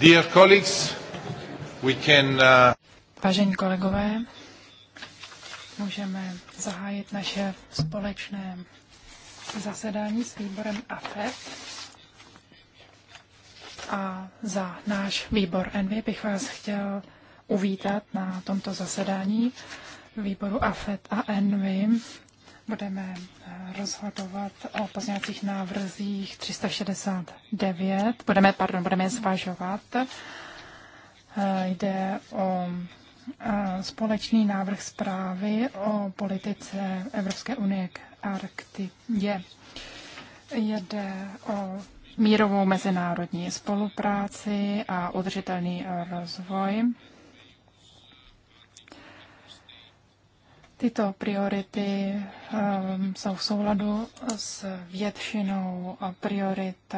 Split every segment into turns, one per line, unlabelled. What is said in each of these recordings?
Dear colleagues, we can, uh... Vážení kolegové, můžeme zahájit naše společné zasedání s výborem AFET. A za náš výbor ENVY bych vás chtěl uvítat na tomto zasedání výboru AFET a ENVY Budeme eh, rozhodovat o pozměňovacích návrzích 369. Budeme, pardon, budeme je zvažovat. Eh, jde o eh, společný návrh zprávy o politice Evropské unie k Arktidě. Jde o mírovou mezinárodní spolupráci a udržitelný rozvoj. Tyto priority um, jsou v souladu s většinou priorit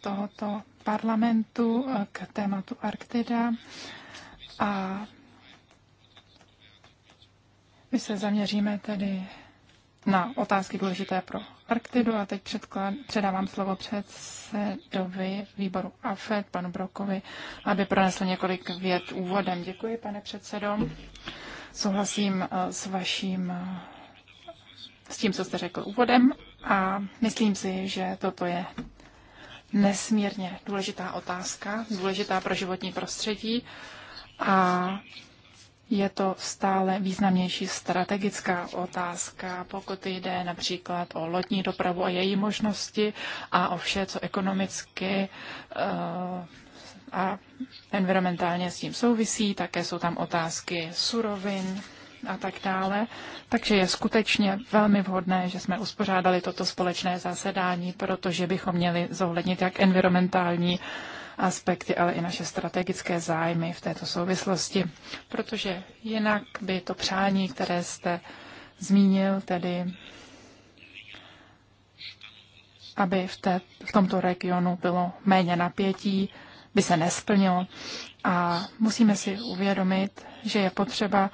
tohoto parlamentu eh, k tématu Arktida a my se zaměříme tedy na otázky důležité pro Arktidu a teď předklad, předávám slovo předsedovi výboru AFED, panu Brokovi, aby pronesl několik vět úvodem. Děkuji, pane předsedo. Souhlasím eh, s vaším, eh, s tím, co jste řekl úvodem a myslím si, že toto je nesmírně důležitá otázka, důležitá pro životní prostředí a je to stále významnější strategická otázka, pokud jde například o lodní dopravu a její možnosti a o vše, co ekonomicky eh, a environmentálně s tím souvisí, také jsou tam otázky surovin a tak dále. Takže je skutečně velmi vhodné, že jsme uspořádali toto společné zasedání, protože bychom měli zohlednit jak environmentální aspekty, ale i naše strategické zájmy v této souvislosti, protože jinak by to přání, které jste zmínil, tedy aby v, té, v tomto regionu bylo méně napětí, by se nesplnilo. A musíme si uvědomit, že je potřeba,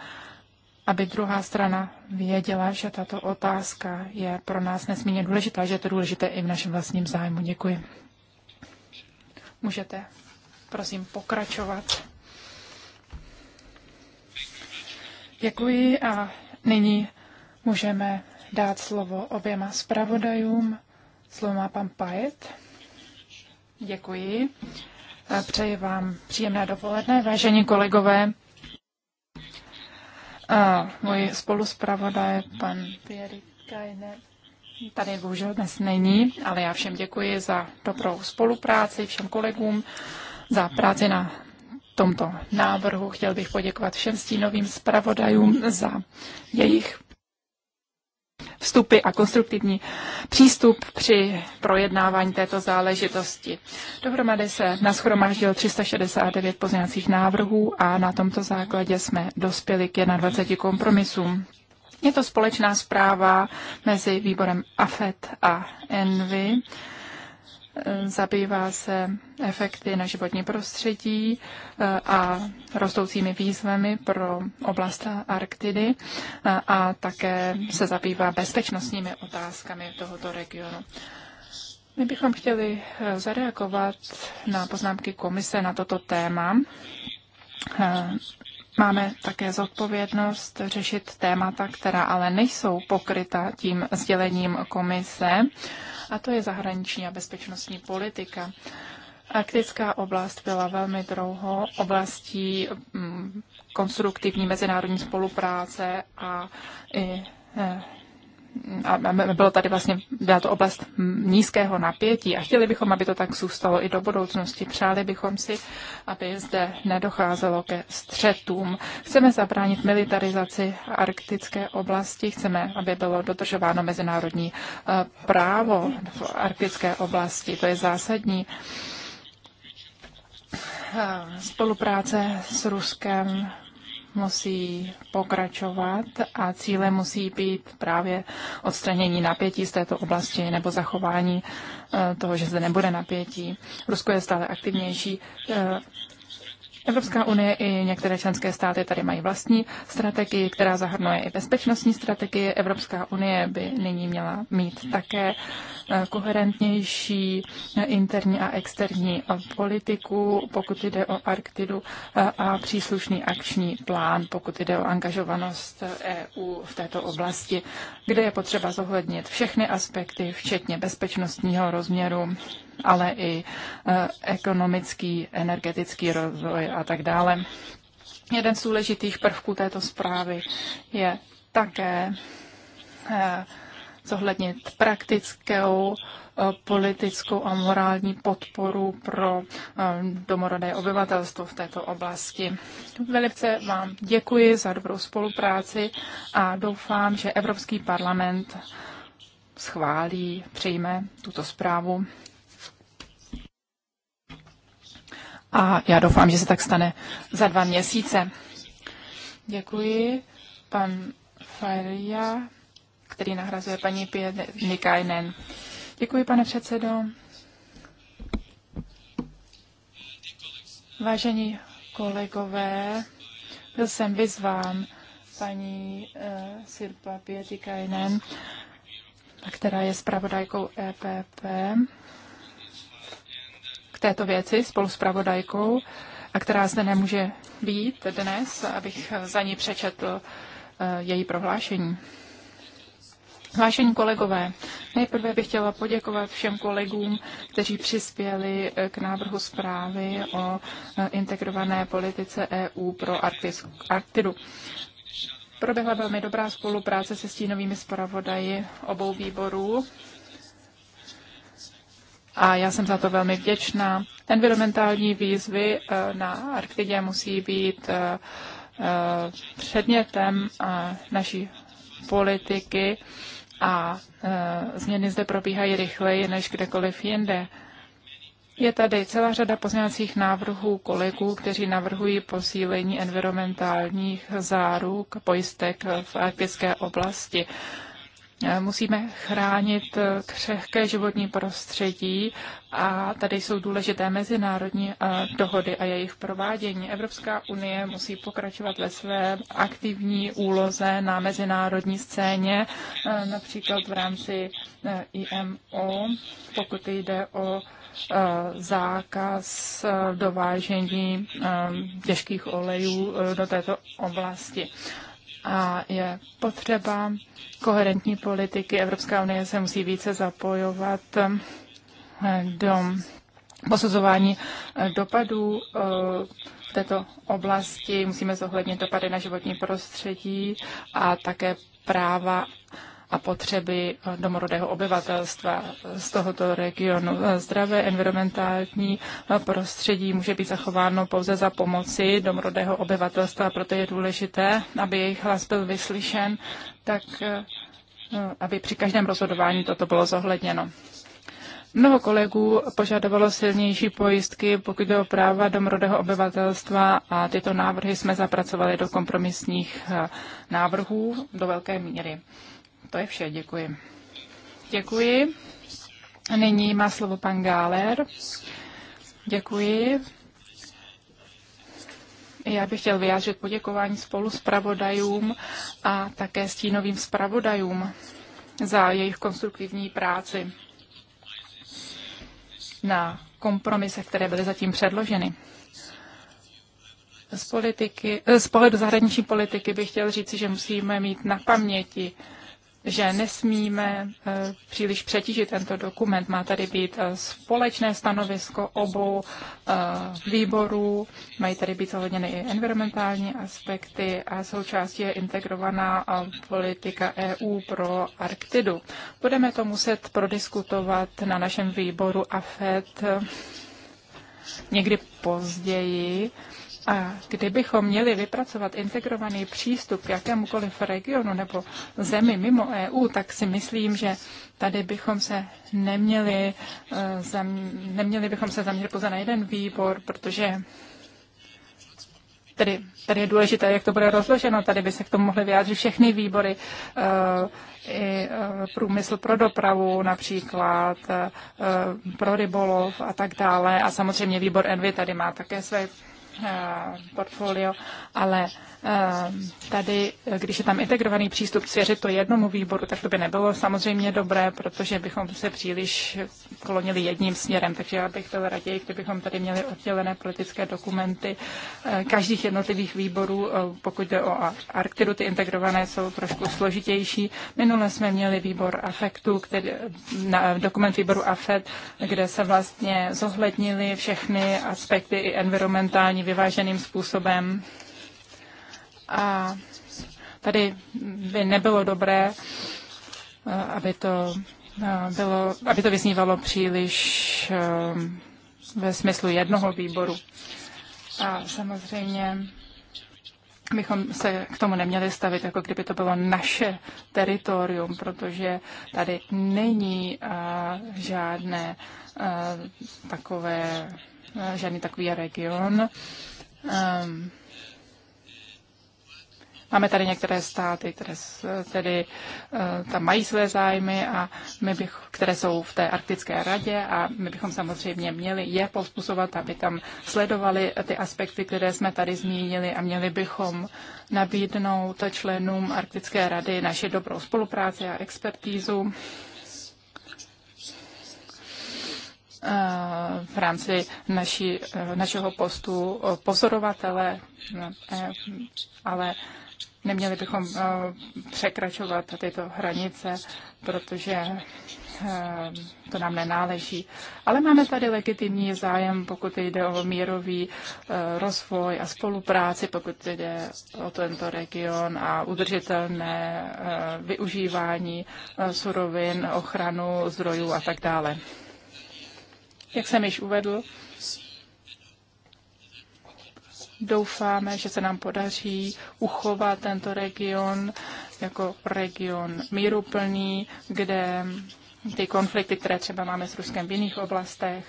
aby druhá strana věděla, že tato otázka je pro nás nesmírně důležitá, že je to důležité i v našem vlastním zájmu. Děkuji. Můžete, prosím, pokračovat. Děkuji a nyní můžeme dát slovo oběma zpravodajům. Slovo má pan Pajet. Děkuji. Přeji vám příjemné dopoledne, vážení kolegové. A můj spoluspravodaj, pan Pierre Kajner, tady bohužel dnes není, ale já všem děkuji za dobrou spolupráci, všem kolegům, za práci na tomto návrhu. Chtěl bych poděkovat všem stínovým zpravodajům za jejich vstupy a konstruktivní přístup při projednávání této záležitosti. Dohromady se naschromáždil 369 pozměňovacích návrhů a na tomto základě jsme dospěli k 21 kompromisům. Je to společná zpráva mezi výborem AFET a ENVY Eh, zabývá se efekty na životní prostředí eh, a rostoucími výzvami pro oblast Arktidy eh, a také se zabývá bezpečnostními otázkami tohoto regionu. My bychom chtěli zareagovat na poznámky komise na toto téma. Máme také zodpovědnost řešit témata, která ale nejsou pokryta tím sdělením komise a to je zahraniční a bezpečnostní politika. Arktická oblast byla velmi dlouho oblastí mm, konstruktivní mezinárodní spolupráce a i eh, a bylo tady vlastně, byla to oblast nízkého napětí a chtěli bychom, aby to tak zůstalo i do budoucnosti. Přáli bychom si, aby zde nedocházelo ke střetům. Chceme zabránit militarizaci arktické oblasti, chceme, aby bylo dodržováno mezinárodní e, právo v arktické oblasti. To je zásadní e, spolupráce s Ruskem musí pokračovat a cíle musí být právě odstranění napětí z této oblasti nebo zachování eh, toho, že zde nebude napětí. Rusko je stále aktivnější eh, Evropská unie i některé členské státy tady mají vlastní strategii, která zahrnuje i bezpečnostní strategii. Evropská unie by nyní měla mít také eh, koherentnější eh, interní a externí politiku, pokud jde o Arktidu eh, a příslušný akční plán, pokud jde o angažovanost EU e v této oblasti, kde je potřeba zohlednit všechny aspekty, včetně bezpečnostního rozměru ale i eh, ekonomický, energetický rozvoj a tak dále. Jeden z důležitých prvků této zprávy je také eh, zohlednit praktickou eh, politickou a morální podporu pro domorodé obyvatelstvo v této oblasti. Velice vám děkuji za dobrou spolupráci a doufám, že Evropský parlament schválí, přijme tuto zprávu a já doufám, že se tak stane za dva měsíce. Děkuji. Pan Faria, který nahrazuje paní Pět Nikajnen. Děkuji, pane předsedo. Vážení kolegové, byl jsem vyzván paní uh, Sirpa Pětikajnen, která je zpravodajkou EPP k této věci spolu s pravodajkou, a která zde nemůže být dnes, abych za ní přečetl eh, její prohlášení. Vážení kolegové, nejprve bych chtěla poděkovat všem kolegům, kteří přispěli eh, k návrhu zprávy o eh, integrované politice EU pro Arktidu. Proběhla velmi dobrá spolupráce se stínovými zpravodaji obou výborů a já jsem za to velmi vděčná. Environmentální výzvy eh, na Arktidě musí být eh, eh, předmětem naší politiky a změny zde probíhají rychleji než kdekoliv jinde. Je tady celá řada pozměňovacích návrhů kolegů, kteří navrhují posílení environmentálních záruk pojistek v arktické oblasti. Eh, musíme chránit eh, křehké životní prostředí a tady jsou důležité mezinárodní eh, dohody a jejich provádění. Evropská unie musí pokračovat ve své aktivní úloze na mezinárodní scéně, například v rámci IMO, pokud jde o zákaz dovážení těžkých olejů do této oblasti a je potřeba koherentní politiky. Evropská unie se musí více zapojovat eh, do posuzování eh, dopadů eh, v této oblasti. Musíme zohlednit dopady na životní prostředí a také práva a potřeby eh, domorodého obyvatelstva z tohoto regionu. Eh, Zdravé environmentální eh, prostředí může být zachováno pouze za pomoci domorodého obyvatelstva, proto je důležité, aby jejich hlas byl vyslyšen, tak aby při každém rozhodování toto bylo zohledněno. Mnoho kolegů požadovalo silnější pojistky, pokud jde o práva domorodého obyvatelstva a tyto návrhy jsme zapracovali do kompromisních návrhů do velké míry. To je vše, děkuji. Děkuji. Nyní má slovo pan Gáler. Děkuji. Já bych chtěl vyjádřit poděkování spolu s pravodajům a také stínovým zpravodajům za jejich konstruktivní práci na kompromise, které byly zatím předloženy. Z, politiky, z pohledu zahraniční politiky bych chtěl říci, že musíme mít na paměti, že nesmíme eh, příliš přetížit tento dokument. Má tady být eh, společné stanovisko obou eh, výborů, mají tady být zohledněny i environmentální aspekty a součástí je integrovaná politika EU pro Arktidu. Budeme to muset prodiskutovat na našem výboru AFED někdy později a kdybychom měli vypracovat integrovaný přístup k jakémukoliv regionu nebo zemi mimo EU, tak si myslím, že tady bychom se neměli, eh, neměli bychom se zaměřit pouze na jeden výbor, protože tady tady je důležité, jak to bude rozloženo. Tady by se k tomu mohly vyjádřit všechny výbory, eh, i eh, průmysl pro dopravu například, pro rybolov a tak dále. A samozřejmě výbor Envy tady má také své Eh, portfolio, ale eh, tady, když je tam integrovaný přístup svěřit to jednomu výboru, tak to by nebylo samozřejmě dobré, protože bychom se příliš klonili jedním směrem. Takže já bych byl raději, kdybychom tady měli oddělené politické dokumenty eh, každých jednotlivých výborů. Pokud jde o Arktidu, ty integrované jsou trošku složitější. Minule jsme měli výbor AFEKTu, který, na, dokument výboru AFET, kde se vlastně zohlednili všechny aspekty i environmentální vyváženým způsobem. A tady by nebylo dobré, eh, aby to, eh, bylo, aby to vyznívalo příliš eh, ve smyslu jednoho výboru. A samozřejmě bychom se k tomu neměli stavit, jako kdyby to bylo naše teritorium, protože tady není žádné takové Eh, žádný takový region. Ehm, máme tady některé státy, které tedy eh, tam mají své zájmy, a my bych, které jsou v té arktické radě a my bychom samozřejmě měli je povzbuzovat, aby tam sledovali ty aspekty, které jsme tady zmínili a měli bychom nabídnout členům Arktické rady naše dobrou spolupráci a expertízu v rámci naši našeho postu pozorovatele, eh, ale neměli bychom eh, překračovat tyto hranice, protože eh, to nám nenáleží. Ale máme tady legitimní zájem, pokud jde o mírový rozvoj a spolupráci, pokud jde o tento region a udržitelné využívání surovin, ochranu zdrojů a tak dále. Jak jsem již uvedl, doufáme, že se nám podaří uchovat tento region jako region míruplný, kde ty konflikty, které třeba máme s Ruskem v jiných oblastech,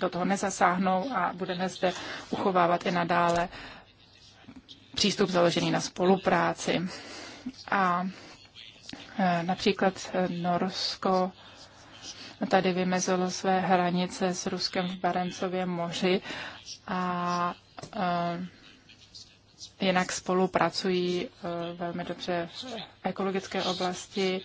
do toho nezasáhnou a budeme zde uchovávat i nadále přístup založený na spolupráci. A e, například Norsko tady vymezilo své hranice s Ruskem v Barencově moři a eh, jinak spolupracují eh, velmi dobře v ekologické oblasti,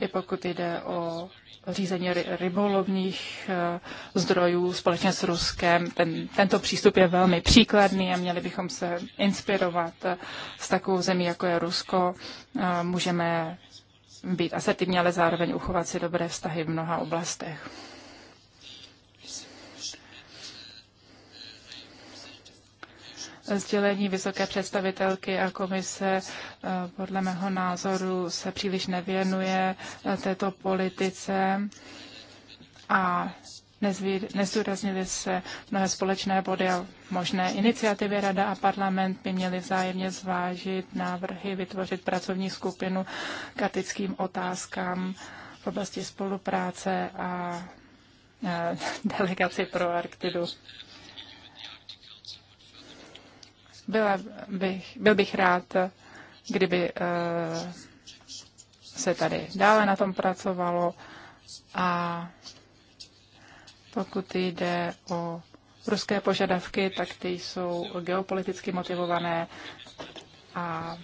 i pokud jde o řízení rybolovních eh, zdrojů společně s Ruskem. Ten, tento přístup je velmi příkladný a měli bychom se inspirovat s takovou zemí, jako je Rusko. Můžeme být asertivní, ale zároveň uchovat si dobré vztahy v mnoha oblastech. sdělení vysoké představitelky a komise eh, podle mého názoru se příliš nevěnuje eh, této politice a Nezdůraznili se mnohé společné body a možné iniciativy. Rada a parlament by měli vzájemně zvážit návrhy, vytvořit pracovní skupinu k etickým otázkám v oblasti spolupráce a e, delegaci pro Arktidu. Byla bych, byl bych rád, kdyby e, se tady dále na tom pracovalo a pokud jde o ruské požadavky, tak ty jsou geopoliticky motivované a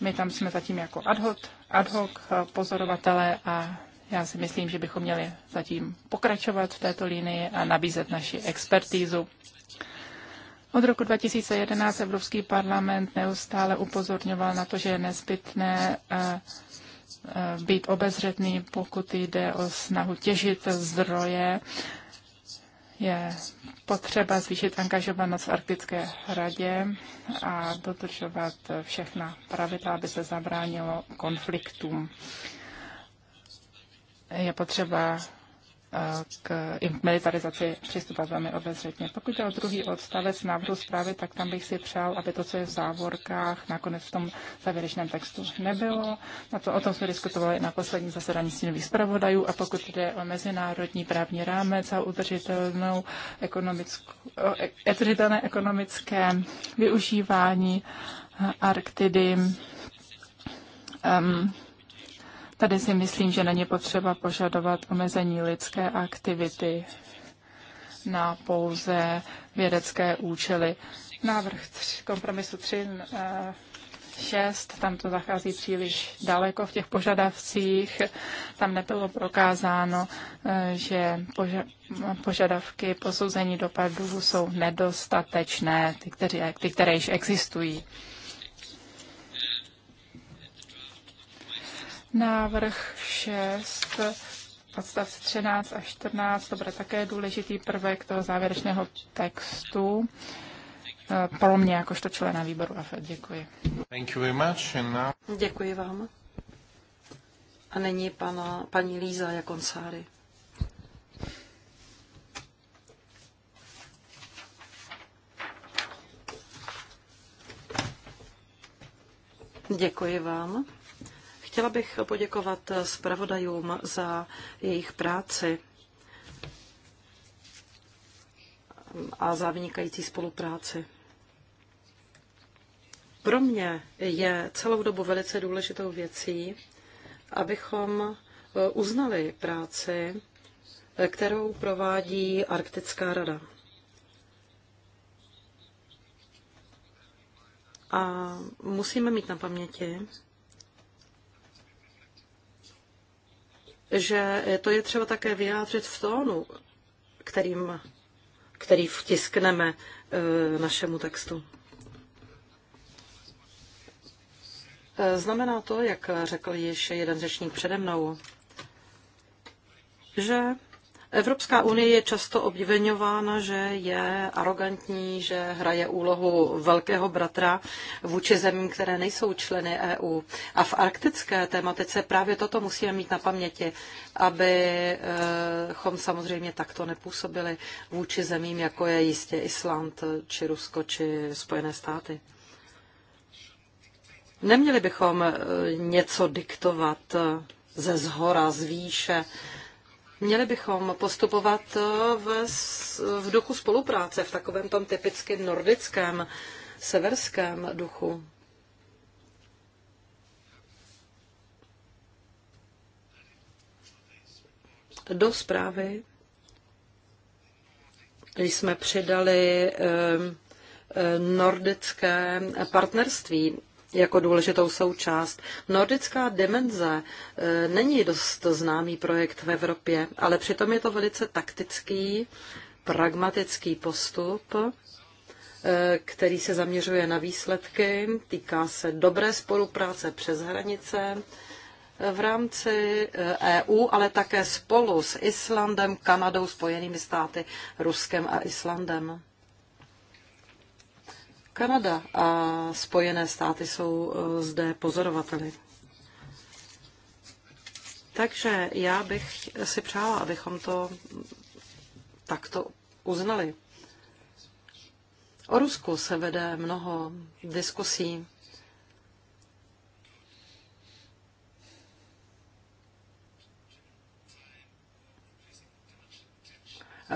my tam jsme zatím jako ad hoc, ad hoc eh, pozorovatele a já si myslím, že bychom měli zatím pokračovat v této linii a nabízet naši expertízu. Od roku 2011 Evropský parlament neustále upozorňoval na to, že je nezbytné eh, eh, být obezřetný, pokud jde o snahu těžit zdroje je potřeba zvýšit angažovanost v Arktické radě a dodržovat všechna pravidla, aby se zabránilo konfliktům. Je potřeba k militarizaci přistupovat velmi obezřetně. Pokud je o druhý odstavec návrhu zprávy, tak tam bych si přál, aby to, co je v závorkách, nakonec v tom závěrečném textu nebylo. Na to, o tom jsme diskutovali na poslední zasedání stínových zpravodajů a pokud jde o mezinárodní právní rámec a udržitelnou e, udržitelné ekonomické využívání Arktidy, um, Tady si myslím, že není potřeba požadovat omezení lidské aktivity na pouze vědecké účely. Návrh tři, kompromisu 3 6, e, tam to zachází příliš daleko v těch požadavcích. Tam nebylo prokázáno, e, že požadavky posouzení dopadů jsou nedostatečné, ty, které, ty, které již existují. Návrh 6, odstav 13 a 14, to bude také důležitý prvek toho závěrečného textu eh, pro mě jakožto člena výboru AFED. Děkuji. Thank you very much and now...
Děkuji vám. A není pana, paní Líza Jakonsáry. Děkuji vám. Chtěla bych poděkovat zpravodajům za jejich práci a za vynikající spolupráci. Pro mě je celou dobu velice důležitou věcí, abychom uznali práci, kterou provádí Arktická rada. A musíme mít na paměti, že to je třeba také vyjádřit v tónu, kterým, který vtiskneme e, našemu textu. E, znamená to, jak řekl ještě jeden řečník přede mnou, že Evropská unie je často obvinována, že je arrogantní, že hraje úlohu velkého bratra vůči zemím, které nejsou členy EU. A v arktické tématice právě toto musíme mít na paměti, abychom samozřejmě takto nepůsobili vůči zemím, jako je jistě Island, či Rusko, či Spojené státy. Neměli bychom eh, něco diktovat eh, ze zhora, z výše, Měli bychom postupovat eh, v, v duchu spolupráce, v takovém tom typicky nordickém, severském duchu. Do zprávy jsme přidali eh, eh, nordické partnerství jako důležitou součást. Nordická demenze e, není dost známý projekt v Evropě, ale přitom je to velice taktický, pragmatický postup, e, který se zaměřuje na výsledky, týká se dobré spolupráce přes hranice e, v rámci EU, ale také spolu s Islandem, Kanadou, Spojenými státy, Ruskem a Islandem. Kanada a Spojené státy jsou eh, zde pozorovateli. Takže já bych si přála, abychom to takto uznali. O Rusku se vede mnoho diskusí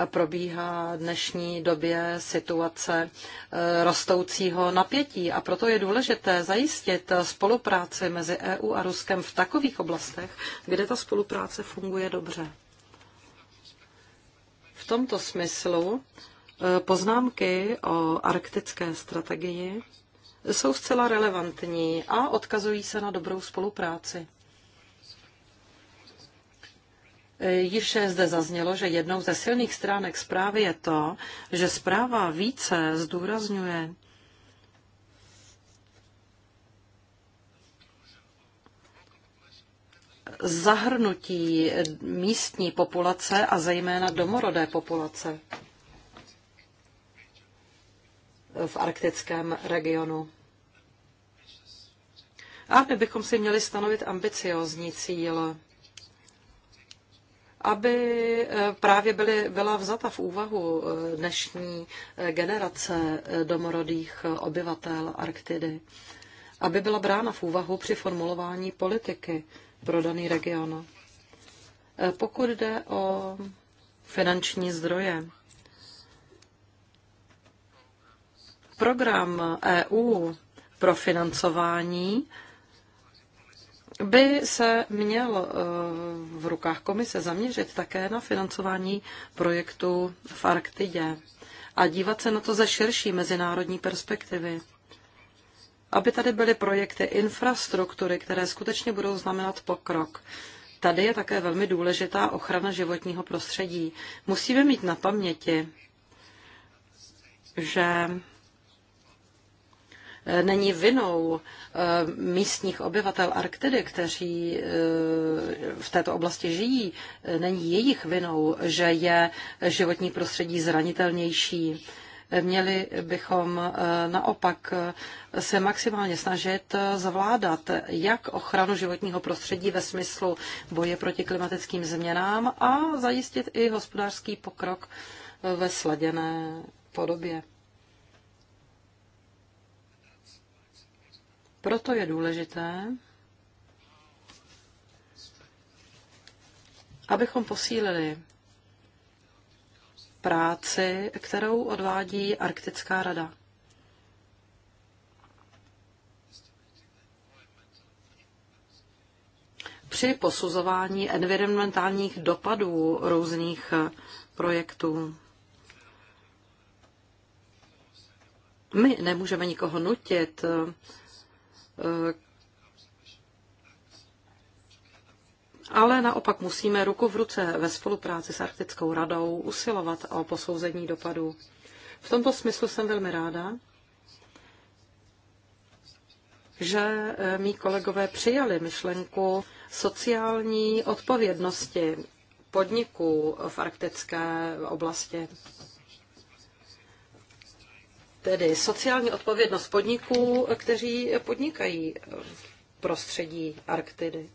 probíhá v dnešní době situace eh, rostoucího napětí a proto je důležité zajistit spolupráci mezi EU a Ruskem v takových oblastech, kde ta spolupráce funguje dobře. V tomto smyslu eh, poznámky o arktické strategii jsou zcela relevantní a odkazují se na dobrou spolupráci. Již zde zaznělo, že jednou ze silných stránek zprávy je to, že zpráva více zdůrazňuje zahrnutí místní populace a zejména domorodé populace v arktickém regionu. A my bychom si měli stanovit ambiciozní cíl aby eh, právě byly, byla vzata v úvahu eh, dnešní eh, generace domorodých obyvatel Arktidy, aby byla brána v úvahu při formulování politiky pro daný region. Pokud jde o finanční zdroje, program EU pro financování by se měl eh, v rukách komise zaměřit také na financování projektu v Arktidě a dívat se na to ze širší mezinárodní perspektivy. Aby tady byly projekty infrastruktury, které skutečně budou znamenat pokrok. Tady je také velmi důležitá ochrana životního prostředí. Musíme mít na paměti, že Eh, není vinou eh, místních obyvatel Arktidy, kteří eh, v této oblasti žijí, není jejich vinou, že je životní prostředí zranitelnější. Měli bychom naopak se maximálně snažit zvládat jak ochranu životního prostředí ve smyslu boje proti klimatickým změnám a zajistit i hospodářský pokrok ve sladěné podobě. Proto je důležité, abychom posílili práci, kterou odvádí Arktická rada. Při posuzování environmentálních dopadů různých projektů. My nemůžeme nikoho nutit, ale naopak musíme ruku v ruce ve spolupráci s Arktickou radou usilovat o posouzení dopadů. V tomto smyslu jsem velmi ráda, že eh, mý kolegové přijali myšlenku sociální odpovědnosti podniků v arktické oblasti. Tedy sociální odpovědnost podniků, kteří podnikají v prostředí Arktidy.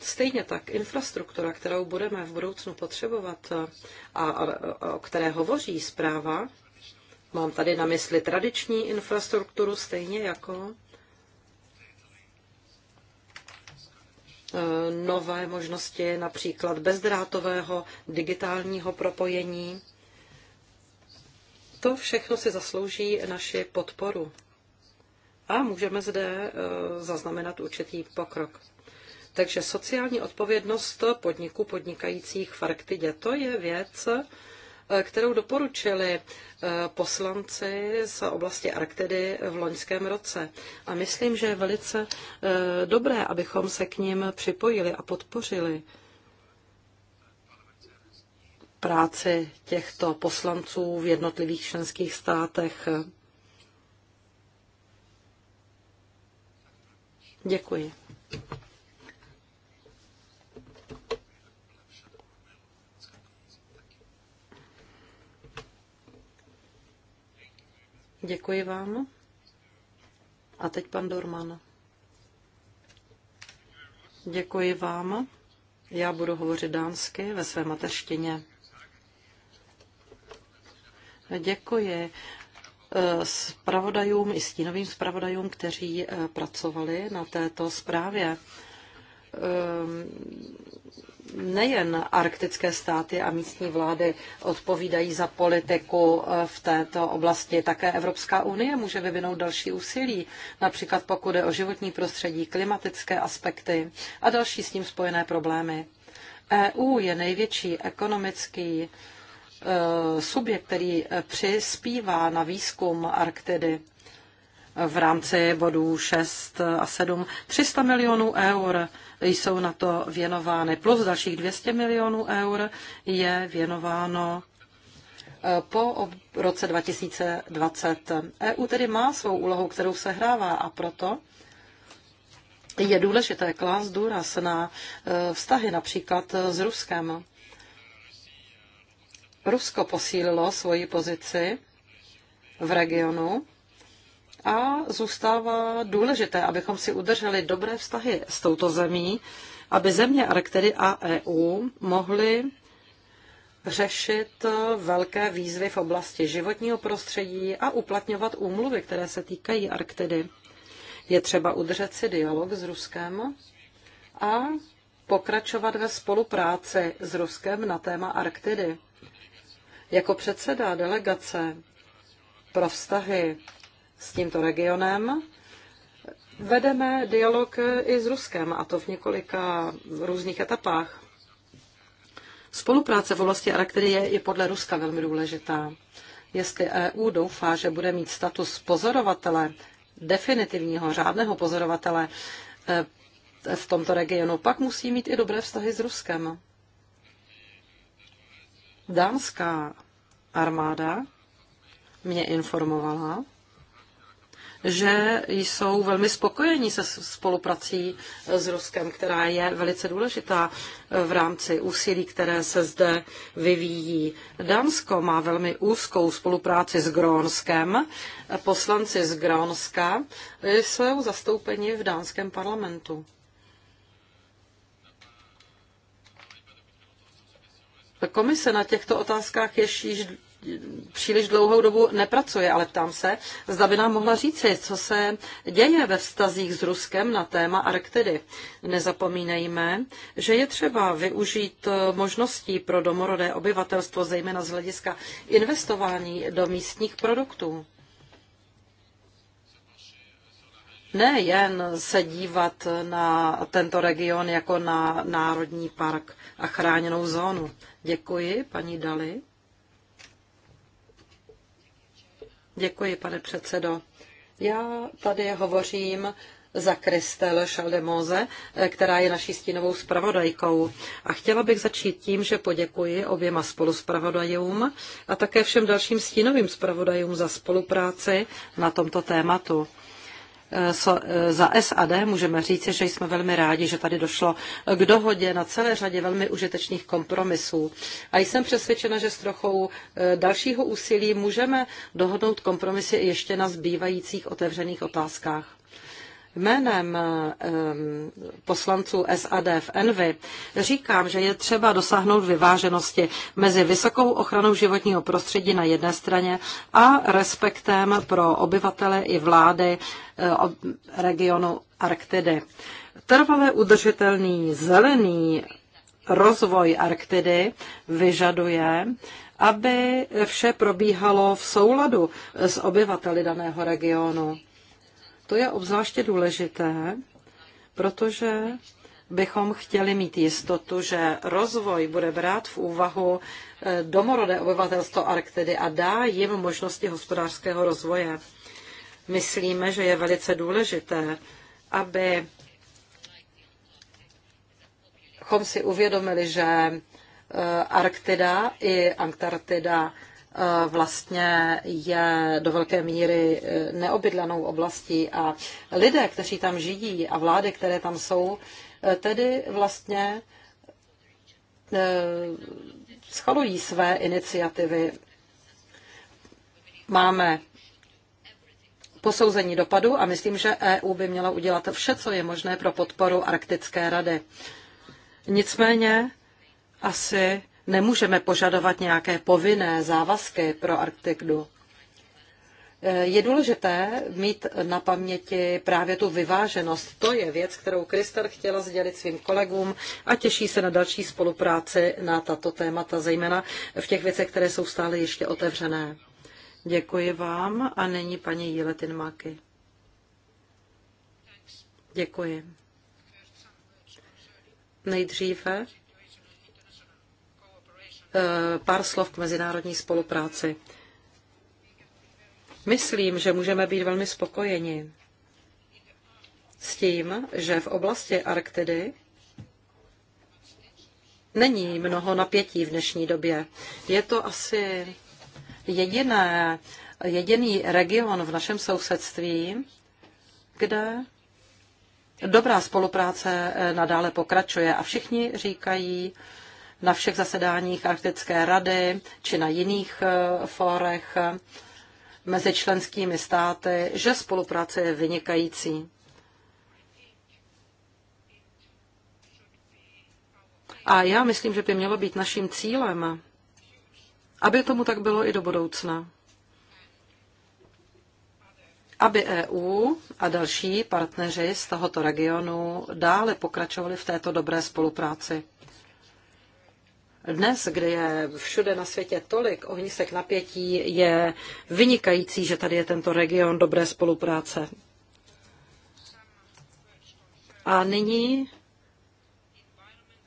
Stejně tak infrastruktura, kterou budeme v budoucnu potřebovat a o které hovoří zpráva, mám tady na mysli tradiční infrastrukturu stejně jako Eh, nové možnosti, například bezdrátového digitálního propojení. To všechno si zaslouží naši podporu. A můžeme zde eh, zaznamenat určitý pokrok. Takže sociální odpovědnost podniků podnikajících v Arktidě, to je věc, Eh, kterou doporučili eh, poslanci z oblasti Arktidy v loňském roce. A myslím, že je velice eh, dobré, abychom se k ním připojili a podpořili práci těchto poslanců v jednotlivých členských státech. Děkuji. Děkuji vám. A teď pan Dorman. Děkuji vám. Já budu hovořit dánsky ve své mateřštině. Děkuji zpravodajům eh, i stínovým zpravodajům, kteří eh, pracovali na této zprávě. Ehm, nejen arktické státy a místní vlády odpovídají za politiku eh, v této oblasti. Také Evropská unie může vyvinout další úsilí, například pokud je o životní prostředí, klimatické aspekty a další s tím spojené problémy. EU je největší ekonomický eh, subjekt, který eh, přispívá na výzkum Arktidy v rámci bodů 6 a 7. 300 milionů eur jsou na to věnovány, plus dalších 200 milionů eur je věnováno eh, po roce 2020. EU tedy má svou úlohu, kterou se hrává a proto je důležité klást důraz na eh, vztahy například s Ruskem. Rusko posílilo svoji pozici v regionu a zůstává důležité, abychom si udrželi dobré vztahy s touto zemí, aby země Arktidy a EU mohly řešit velké výzvy v oblasti životního prostředí a uplatňovat úmluvy, které se týkají Arktidy. Je třeba udržet si dialog s Ruskem a pokračovat ve spolupráci s Ruskem na téma Arktidy. Jako předseda delegace pro vztahy s tímto regionem. Vedeme dialog i s Ruskem, a to v několika různých etapách. Spolupráce v oblasti Arktidy je i podle Ruska velmi důležitá. Jestli EU doufá, že bude mít status pozorovatele, definitivního řádného pozorovatele eh, v tomto regionu, pak musí mít i dobré vztahy s Ruskem. Dánská armáda mě informovala, že jsou velmi spokojeni se spoluprací s Ruskem, která je velice důležitá v rámci úsilí, které se zde vyvíjí. Dánsko má velmi úzkou spolupráci s Grónskem. Poslanci z Grónska jsou zastoupeni v dánském parlamentu. Komise na těchto otázkách ještě již příliš dlouhou dobu nepracuje, ale ptám se, zda by nám mohla říci, co se děje ve vztazích s Ruskem na téma Arktidy. Nezapomínejme, že je třeba využít eh, možností pro domorodé obyvatelstvo, zejména z hlediska investování do místních produktů. Ne jen se dívat na tento region jako na národní park a chráněnou zónu. Děkuji, paní Dali. Děkuji, pane předsedo. Já tady hovořím za Kristel Šaldemoze, eh, která je naší stínovou zpravodajkou. A chtěla bych začít tím, že poděkuji oběma spoluspravodajům a také všem dalším stínovým zpravodajům za spolupráci na tomto tématu. Eh, za SAD můžeme říci, že jsme velmi rádi, že tady došlo k dohodě na celé řadě velmi užitečných kompromisů. A jsem přesvědčena, že s trochou eh, dalšího úsilí můžeme dohodnout kompromisy ještě na zbývajících otevřených otázkách jménem poslanců SAD v Envy říkám, že je třeba dosáhnout vyváženosti mezi vysokou ochranou životního prostředí na jedné straně a respektem pro obyvatele i vlády e, regionu Arktidy. Trvalé udržitelný zelený rozvoj Arktidy vyžaduje, aby vše probíhalo v souladu s obyvateli daného regionu. To je obzvláště důležité, protože bychom chtěli mít jistotu, že rozvoj bude brát v úvahu eh, domorodé obyvatelstvo Arktidy a dá jim možnosti hospodářského rozvoje. Myslíme, že je velice důležité, aby chom si uvědomili, že eh, Arktida i Antarktida E, vlastně je do velké míry e, neobydlenou oblastí a lidé, kteří tam žijí a vlády, které tam jsou, e, tedy vlastně schalují své iniciativy. Máme posouzení dopadu a myslím, že EU by měla udělat vše, co je možné pro podporu Arktické rady. Nicméně asi Nemůžeme požadovat nějaké povinné závazky pro Arktiku. Eh, je důležité mít na paměti právě tu vyváženost. To je věc, kterou Krister chtěla sdělit svým kolegům a těší se na další spolupráci na tato témata, zejména v těch věcech, které jsou stále ještě otevřené. Děkuji vám a nyní paní Jiletin Máky. Děkuji. Nejdříve Eh, pár slov k mezinárodní spolupráci. Myslím, že můžeme být velmi spokojeni s tím, že v oblasti Arktidy není mnoho napětí v dnešní době. Je to asi jediné, jediný region v našem sousedství, kde dobrá spolupráce eh, nadále pokračuje a všichni říkají, na všech zasedáních Arktické rady či na jiných eh, fórech eh, mezi členskými státy, že spolupráce je vynikající. A já myslím, že by mělo být naším cílem, aby tomu tak bylo i do budoucna. Aby EU a další partneři z tohoto regionu dále pokračovali v této dobré spolupráci. Dnes, kdy je všude na světě tolik ohnisek napětí, je vynikající, že tady je tento region dobré spolupráce. A nyní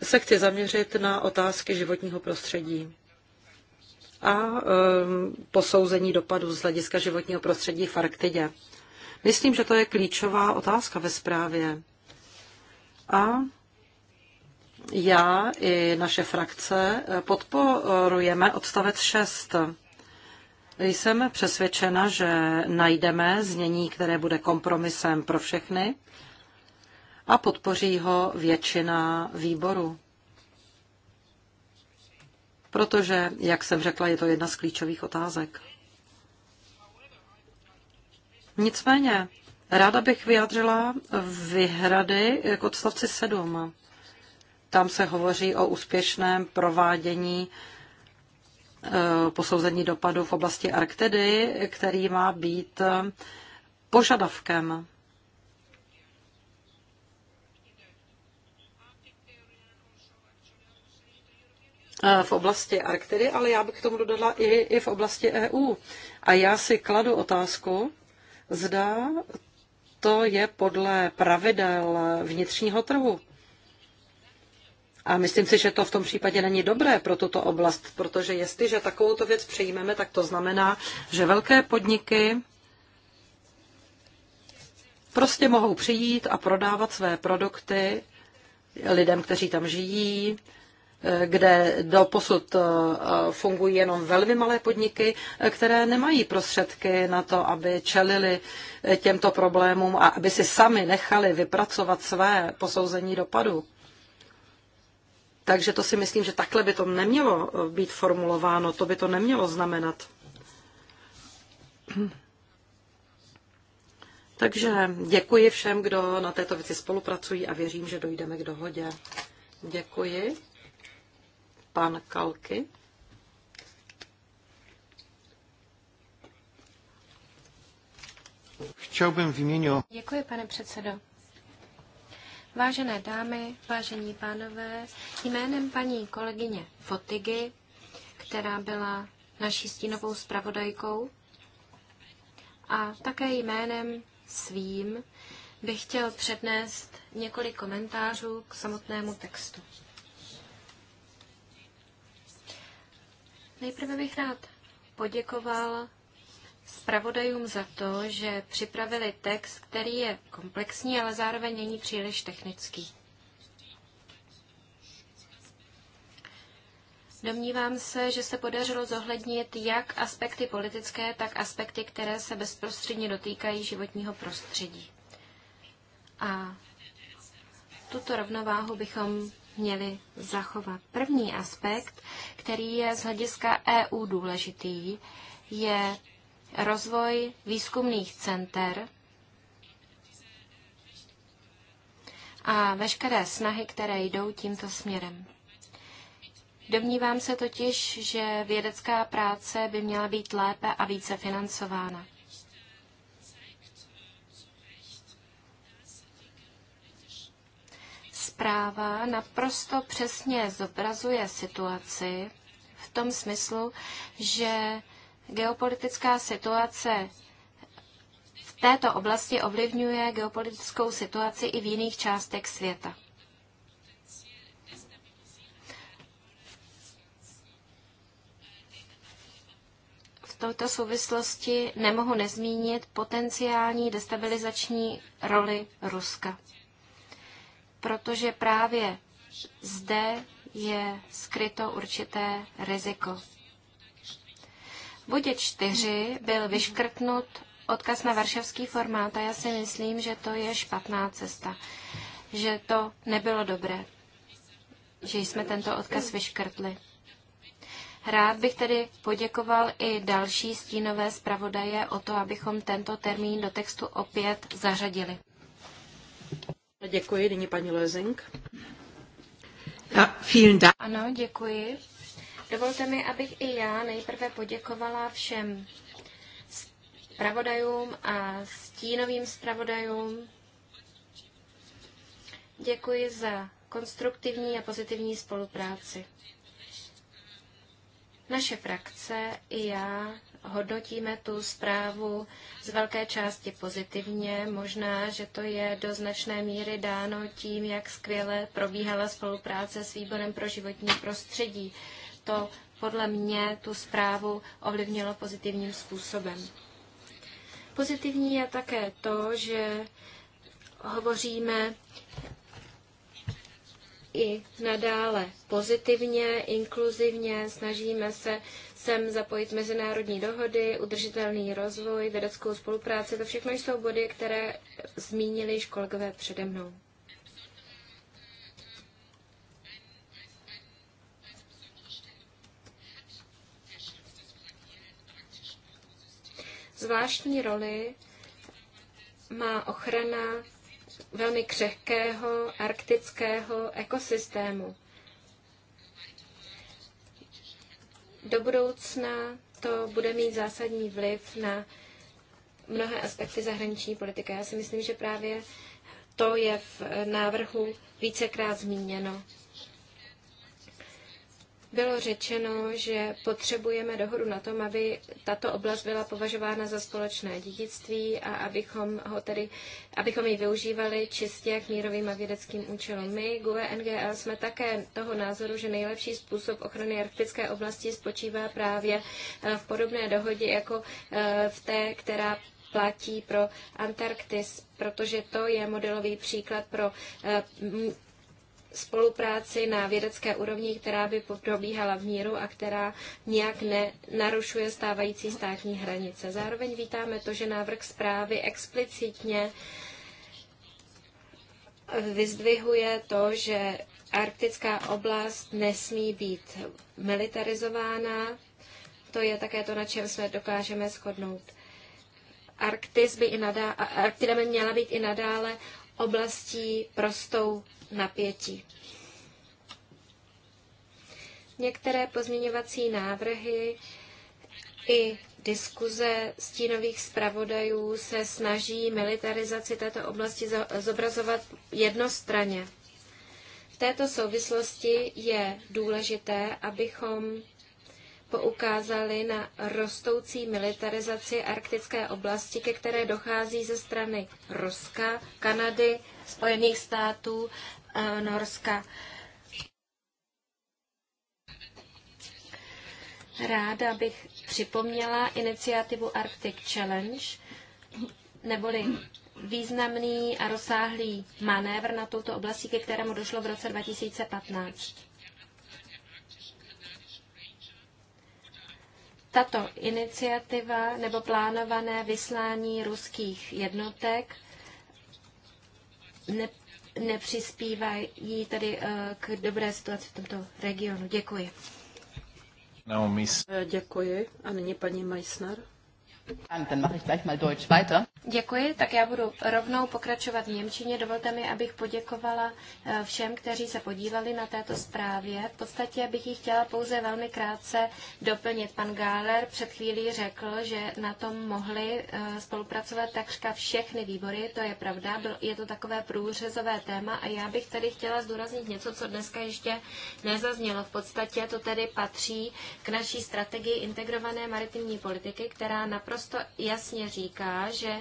se chci zaměřit na otázky životního prostředí a um, posouzení dopadu z hlediska životního prostředí v Arktidě. Myslím, že to je klíčová otázka ve zprávě. A já i naše frakce podporujeme odstavec 6. Jsem přesvědčena, že najdeme znění, které bude kompromisem pro všechny a podpoří ho většina výboru. Protože, jak jsem řekla, je to jedna z klíčových otázek. Nicméně, ráda bych vyjádřila výhrady k odstavci 7 tam se hovoří o úspěšném provádění eh, posouzení dopadu v oblasti Arktidy, který má být eh, požadavkem. Eh, v oblasti Arktidy, ale já bych k tomu dodala i, i v oblasti EU. A já si kladu otázku, zda to je podle pravidel vnitřního trhu. A myslím si, že to v tom případě není dobré pro tuto oblast, protože jestliže takovouto věc přejmeme, tak to znamená, že velké podniky prostě mohou přijít a prodávat své produkty lidem, kteří tam žijí, eh, kde do posud eh, fungují jenom velmi malé podniky, eh, které nemají prostředky na to, aby čelili těmto problémům a aby si sami nechali vypracovat své posouzení dopadu. Takže to si myslím, že takhle by to nemělo eh, být formulováno, to by to nemělo znamenat. Takže děkuji všem, kdo na této věci spolupracují a věřím, že dojdeme k dohodě. Děkuji. Pan Kalky. Chtěl bych v jménu.
Děkuji, pane předsedo. Vážené dámy, vážení pánové, jménem paní kolegyně Fotigy, která byla naší stínovou zpravodajkou, a také jménem svým bych chtěl přednést několik komentářů k samotnému textu. Nejprve bych rád poděkoval zpravodajům za to, že připravili text, který je komplexní, ale zároveň není příliš technický. Domnívám se, že se podařilo zohlednit jak aspekty politické, tak aspekty, které se bezprostředně dotýkají životního prostředí. A tuto rovnováhu bychom měli zachovat. První aspekt, který je z hlediska EU důležitý, je rozvoj výzkumných center a veškeré snahy, které jdou tímto směrem. Domnívám se totiž, že vědecká práce by měla být lépe a více financována. Zpráva naprosto přesně zobrazuje situaci v tom smyslu, že geopolitická situace v této oblasti ovlivňuje geopolitickou situaci i v jiných částech světa. V této souvislosti nemohu nezmínit potenciální destabilizační roli Ruska. Protože právě zde je skryto určité riziko. V bodě čtyři byl vyškrtnut odkaz na varšavský formát a já si myslím, že to je špatná cesta, že to nebylo dobré, že jsme tento odkaz vyškrtli. Rád bych tedy poděkoval i další stínové zpravodaje o to, abychom tento termín do textu opět zařadili. Děkuji, nyní paní Lezing. Ano, děkuji. Dovolte mi, abych i já nejprve poděkovala všem zpravodajům a stínovým zpravodajům. Děkuji za konstruktivní a pozitivní spolupráci. Naše frakce i já hodnotíme tu zprávu z velké části pozitivně. Možná, že to je do značné míry dáno tím, jak skvěle probíhala spolupráce s Výborem pro životní prostředí to podle mě tu zprávu ovlivnilo pozitivním způsobem. Pozitivní je také to, že hovoříme i nadále pozitivně, inkluzivně, snažíme se sem zapojit mezinárodní dohody, udržitelný rozvoj, vědeckou spolupráci. To všechno jsou body, které zmínili již kolegové přede mnou. Zvláštní roli má ochrana velmi křehkého arktického ekosystému. Do budoucna to bude mít zásadní vliv na mnohé aspekty zahraniční politiky. Já si myslím, že právě to je v návrhu vícekrát zmíněno bylo řečeno, že potřebujeme dohodu na tom, aby tato oblast byla považována za společné dědictví a abychom, ho tedy, abychom ji využívali čistě k mírovým a vědeckým účelům. My, GUE NGL, jsme také toho názoru, že nejlepší způsob ochrany arktické oblasti spočívá právě eh, v podobné dohodě jako eh, v té, která platí pro Antarktis, protože to je modelový příklad pro eh, spolupráci na vědecké úrovni, která by probíhala v míru a která nijak nenarušuje stávající státní hranice. Zároveň vítáme to, že návrh zprávy explicitně vyzdvihuje to, že arktická oblast nesmí být militarizována. To je také to, na čem jsme dokážeme shodnout. Arktis by i nadále, Arktida by měla být i nadále oblastí prostou napětí. Některé pozměňovací návrhy i diskuze stínových zpravodajů se snaží militarizaci této oblasti zobrazovat jednostranně. V této souvislosti je důležité, abychom poukázali na rostoucí militarizaci arktické oblasti, ke které dochází ze strany Ruska, Kanady, Spojených států, Norska. Ráda bych připomněla iniciativu Arctic Challenge, neboli významný a rozsáhlý manévr na touto oblasti, ke kterému došlo v roce 2015. tato iniciativa nebo plánované vyslání ruských jednotek ne, nepřispívají tady eh, k dobré situaci v tomto regionu. Děkuji. Naomi. Eh, děkuji. A nyní paní Meissner.
Dann mache ich gleich mal Deutsch weiter.
Děkuji, tak já budu rovnou pokračovat v Němčině. Dovolte mi, abych poděkovala eh, všem, kteří se podíleli na této zprávě. V podstatě bych ji chtěla pouze velmi krátce doplnit. Pan Gáler před chvílí řekl, že na tom mohli eh, spolupracovat takřka všechny výbory, to je pravda, je to takové průřezové téma a já bych tady chtěla zdůraznit něco, co dneska ještě nezaznělo. V podstatě to tedy patří k naší strategii integrované maritimní politiky, která naprosto jasně říká, že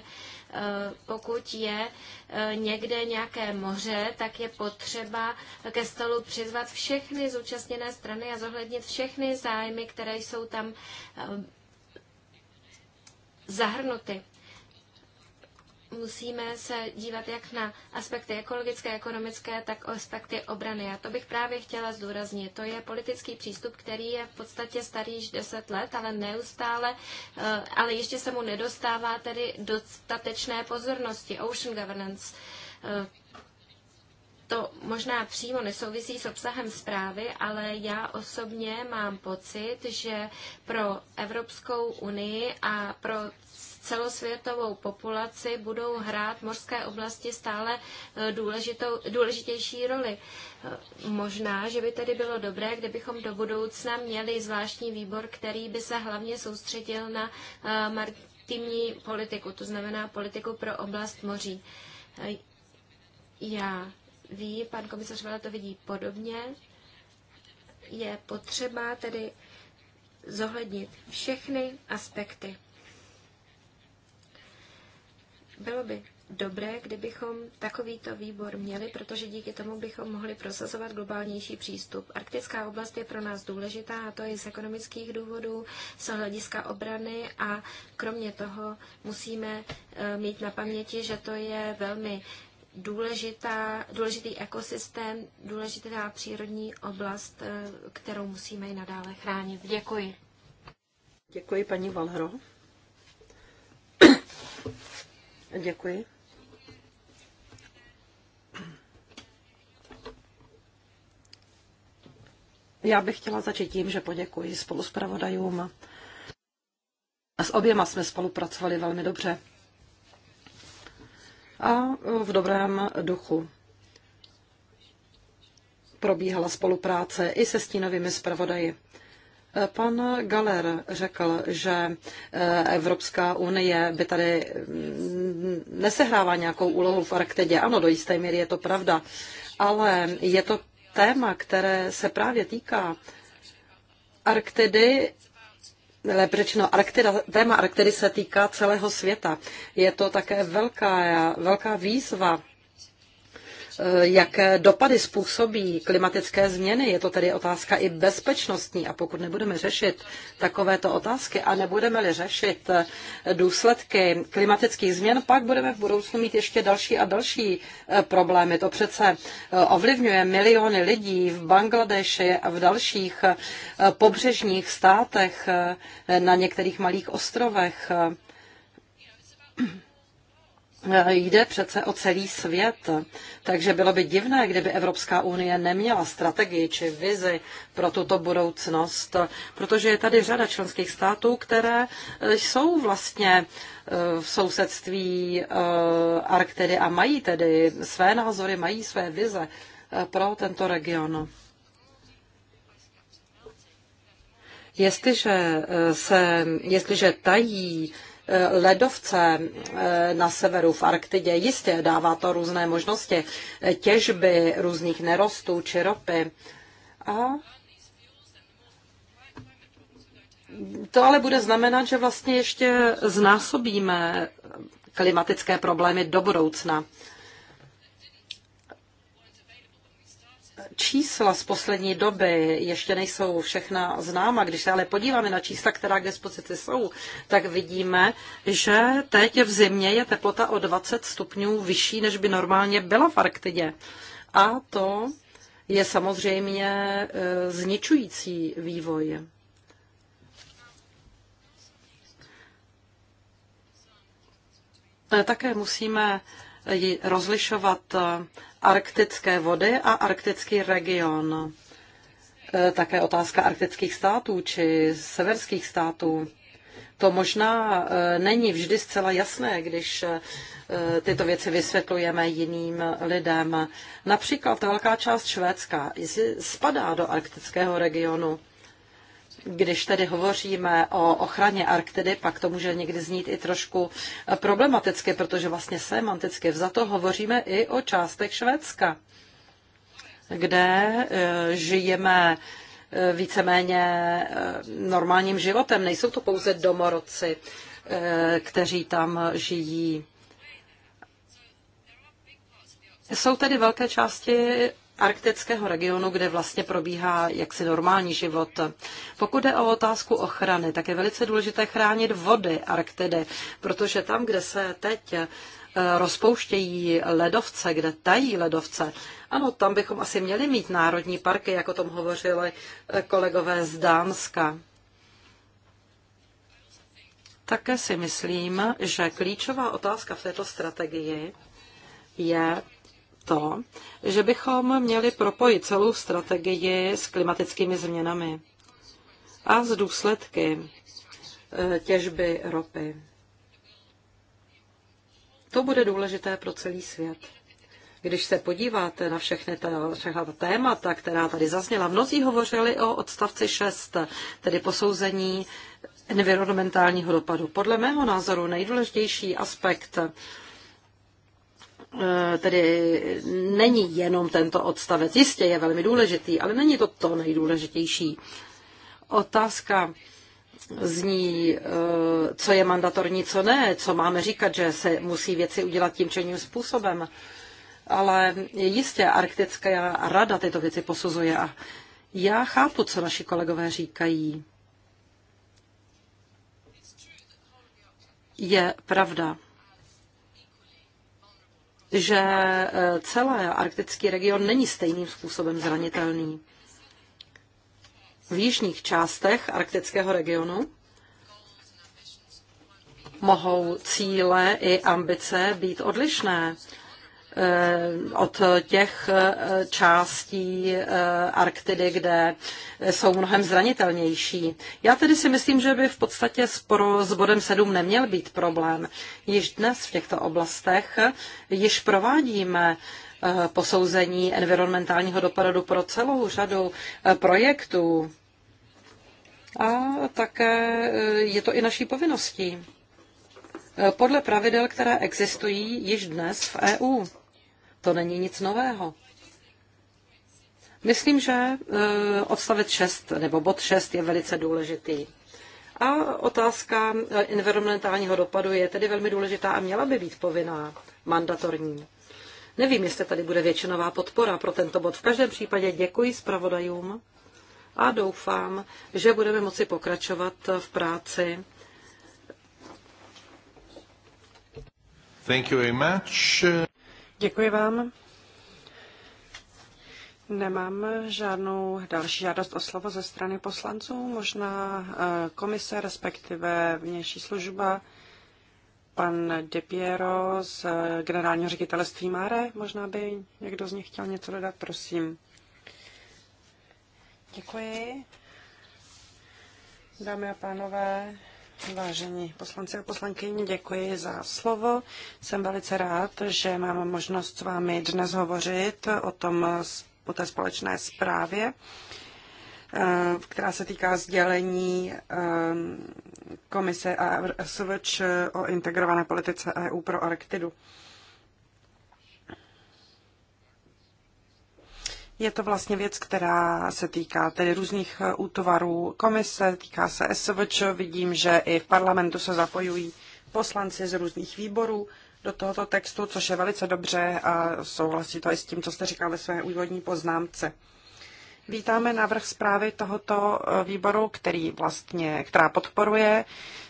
Eh, pokud je eh, někde nějaké moře, tak je potřeba ke stolu přizvat všechny zúčastněné strany a zohlednit všechny zájmy, které jsou tam eh, zahrnuty musíme se dívat jak na aspekty ekologické, ekonomické, tak o aspekty obrany. A to bych právě chtěla zdůraznit. To je politický přístup, který je v podstatě starý již 10 let, ale neustále, eh, ale ještě se mu nedostává tedy dostatečné pozornosti. Ocean governance eh, to možná přímo nesouvisí s obsahem zprávy, ale já osobně mám pocit, že pro Evropskou unii a pro celosvětovou populaci budou hrát mořské oblasti stále eh, důležitou, důležitější roli. Eh, možná, že by tedy bylo dobré, kdybychom do budoucna měli zvláštní výbor, který by se hlavně soustředil na eh, maritimní politiku, to znamená politiku pro oblast moří. Já ví, pan komisař Vela to vidí podobně. Je potřeba tedy zohlednit všechny aspekty. Bylo by dobré, kdybychom takovýto výbor měli, protože díky tomu bychom mohli prosazovat globálnější přístup. Arktická oblast je pro nás důležitá, a to i z ekonomických důvodů, z hlediska obrany a kromě toho musíme eh, mít na paměti, že to je velmi důležitá, důležitý ekosystém, důležitá přírodní oblast, eh, kterou musíme i nadále chránit. Děkuji. Děkuji, paní Valhro.
Děkuji. Já bych chtěla začít tím, že poděkuji spoluspravodajům. S oběma jsme spolupracovali velmi dobře a v dobrém duchu. Probíhala spolupráce i se stínovými zpravodaji. Pan Galer řekl, že eh, Evropská unie by tady mm, nesehrává nějakou úlohu v Arktidě. Ano, do jisté míry je to pravda, ale je to téma, které se právě týká Arktidy lépe řečeno, Arktida, téma Arktidy se týká celého světa. Je to také velká, velká výzva Eh, jaké dopady způsobí klimatické změny. Je to tedy otázka i bezpečnostní. A pokud nebudeme řešit takovéto otázky a nebudeme-li řešit eh, důsledky klimatických změn, pak budeme v budoucnu mít ještě další a další eh, problémy. To přece ovlivňuje miliony lidí v Bangladeši a v dalších pobřežních státech, na některých malých ostrovech. Eh, jde přece o celý svět, takže bylo by divné, kdyby Evropská unie neměla strategii či vizi pro tuto budoucnost, protože je tady řada členských států, které eh, jsou vlastně eh, v sousedství Arktidy a mají tedy své názory, mají své vize pro tento region. Jestliže, se, jestliže tají ledovce eh, na severu v Arktidě. Jistě dává to různé možnosti těžby různých nerostů či ropy. A to ale bude znamenat, že vlastně ještě znásobíme klimatické problémy do budoucna. čísla z poslední doby ještě nejsou všechna známa. Když se ale podíváme na čísla, která k dispozici jsou, tak vidíme, že teď v zimě je teplota o 20 stupňů vyšší, než by normálně byla v Arktidě. A to je samozřejmě eh, zničující vývoj. Eh, také musíme rozlišovat eh, arktické vody a arktický region. Eh, také otázka arktických států či severských států. To možná eh, není vždy zcela jasné, když tyto věci vysvětlujeme jiným lidem. Například velká část Švédska spadá do arktického regionu když tedy hovoříme o ochraně Arktidy, pak to může někdy znít i trošku problematicky, protože vlastně semanticky vzato hovoříme i o částech Švédska, kde eh, žijeme eh, víceméně eh, normálním životem. Nejsou to pouze domorodci, kteří tam žijí. Jsou tedy velké části arktického regionu, kde vlastně probíhá jaksi normální život. Pokud jde o otázku ochrany, tak je velice důležité chránit vody Arktidy, protože tam, kde se teď eh, rozpouštějí ledovce, kde tají ledovce. Ano, tam bychom asi měli mít národní parky, jako o tom hovořili eh, kolegové z Dánska. Také si myslím, že klíčová otázka v této strategii je to, že bychom měli propojit celou strategii s klimatickými změnami a s důsledky e, těžby ropy. To bude důležité pro celý svět. Když se podíváte na všechny ta, všechna ta témata, která tady zazněla, mnozí hovořili o odstavci 6, tedy posouzení environmentálního dopadu. Podle mého názoru nejdůležitější aspekt E, tedy není jenom tento odstavec. Jistě je velmi důležitý, ale není to to nejdůležitější. Otázka zní, e, co je mandatorní, co ne, co máme říkat, že se musí věci udělat tím či způsobem. Ale jistě Arktická rada tyto věci posuzuje a já chápu, co naši kolegové říkají. Je pravda, že eh, celý arktický region není stejným způsobem zranitelný. V jižních částech arktického regionu mohou cíle i ambice být odlišné Eh, od těch eh, částí eh, Arktidy, kde jsou mnohem zranitelnější. Já tedy si myslím, že by v podstatě sporo s bodem 7 neměl být problém. Již dnes v těchto oblastech již provádíme posouzení environmentálního dopadu pro celou řadu projektů. A také je to i naší povinností podle pravidel, která existují již dnes v EU. To není nic nového. Myslím, že eh, odstavec 6 nebo bod 6 je velice důležitý. A otázka eh, environmentálního dopadu je tedy velmi důležitá a měla by být povinná, mandatorní. Nevím, jestli tady bude většinová podpora pro tento bod. V každém případě děkuji zpravodajům a doufám, že budeme moci pokračovat v práci.
Thank you very much.
Děkuji
vám. Nemám žádnou další žádost o slovo ze strany poslanců. Možná eh, komise, respektive vnější služba, pan De Piero z eh, generálního ředitelství Máre. Možná by někdo z nich chtěl něco dodat, prosím. Děkuji. Dámy a pánové, Vážení poslanci a poslankyně, děkuji za slovo. Jsem velice rád, že mám možnost s vámi dnes hovořit o tom, o té společné zprávě, eh, která se týká sdělení eh, Komise a SVČ o integrované politice EU pro Arktidu. Je to vlastně věc, která se týká tedy různých eh, útvarů komise, týká se SVČ. Vidím, že i v parlamentu se zapojují poslanci z různých výborů do tohoto textu, což je velice dobře a souhlasí to i s tím, co jste říkal ve své úvodní poznámce. Vítáme návrh zprávy tohoto e, výboru, který vlastně, která podporuje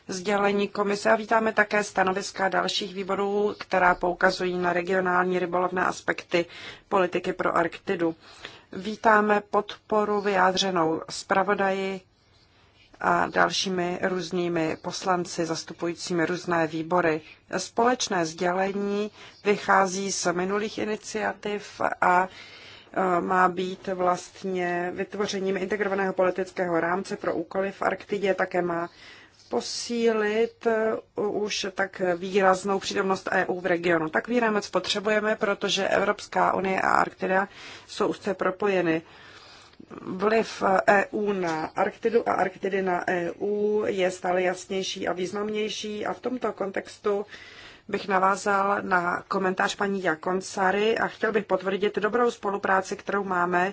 sdělení komise a vítáme také stanoviska dalších výborů, která poukazují na regionální rybolovné aspekty politiky pro Arktidu. Vítáme podporu vyjádřenou zpravodaji a dalšími různými poslanci zastupujícími různé výbory. Společné sdělení vychází z minulých iniciativ a má být vlastně vytvořením integrovaného politického rámce pro úkoly v Arktidě, také má posílit e, už tak výraznou přítomnost EU v regionu. Takový moc potřebujeme, protože Evropská unie a Arktida jsou úzce propojeny. Vliv EU na Arktidu a Arktidy na EU je stále jasnější a významnější a v tomto kontextu bych navázal na komentář paní Jakoncary a chtěl bych potvrdit dobrou spolupráci, kterou máme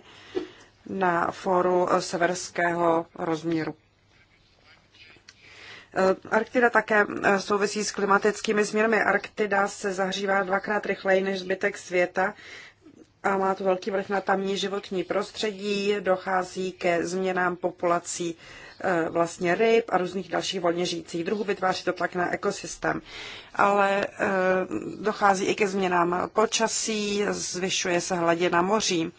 na fóru severského rozměru. Eh, Arktida také eh, souvisí s klimatickými změnami. Arktida se zahřívá dvakrát rychleji než zbytek světa a má to velký vliv na tamní životní prostředí, dochází ke změnám populací e, vlastně ryb a různých dalších volně žijících druhů, vytváří to tlak na ekosystém. Ale e, dochází i ke změnám počasí, zvyšuje se hladina moří.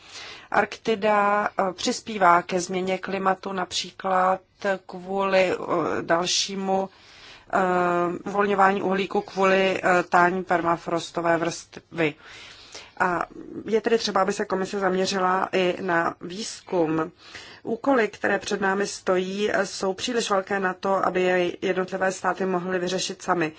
Arktida e, přispívá ke změně klimatu například kvůli dalšímu uvolňování uhlíku kvůli tání permafrostové vrstvy. A je tedy třeba, aby se komise zaměřila i na výzkum. Úkoly, které před námi stojí, jsou příliš velké na to, aby je jednotlivé státy mohly vyřešit sami.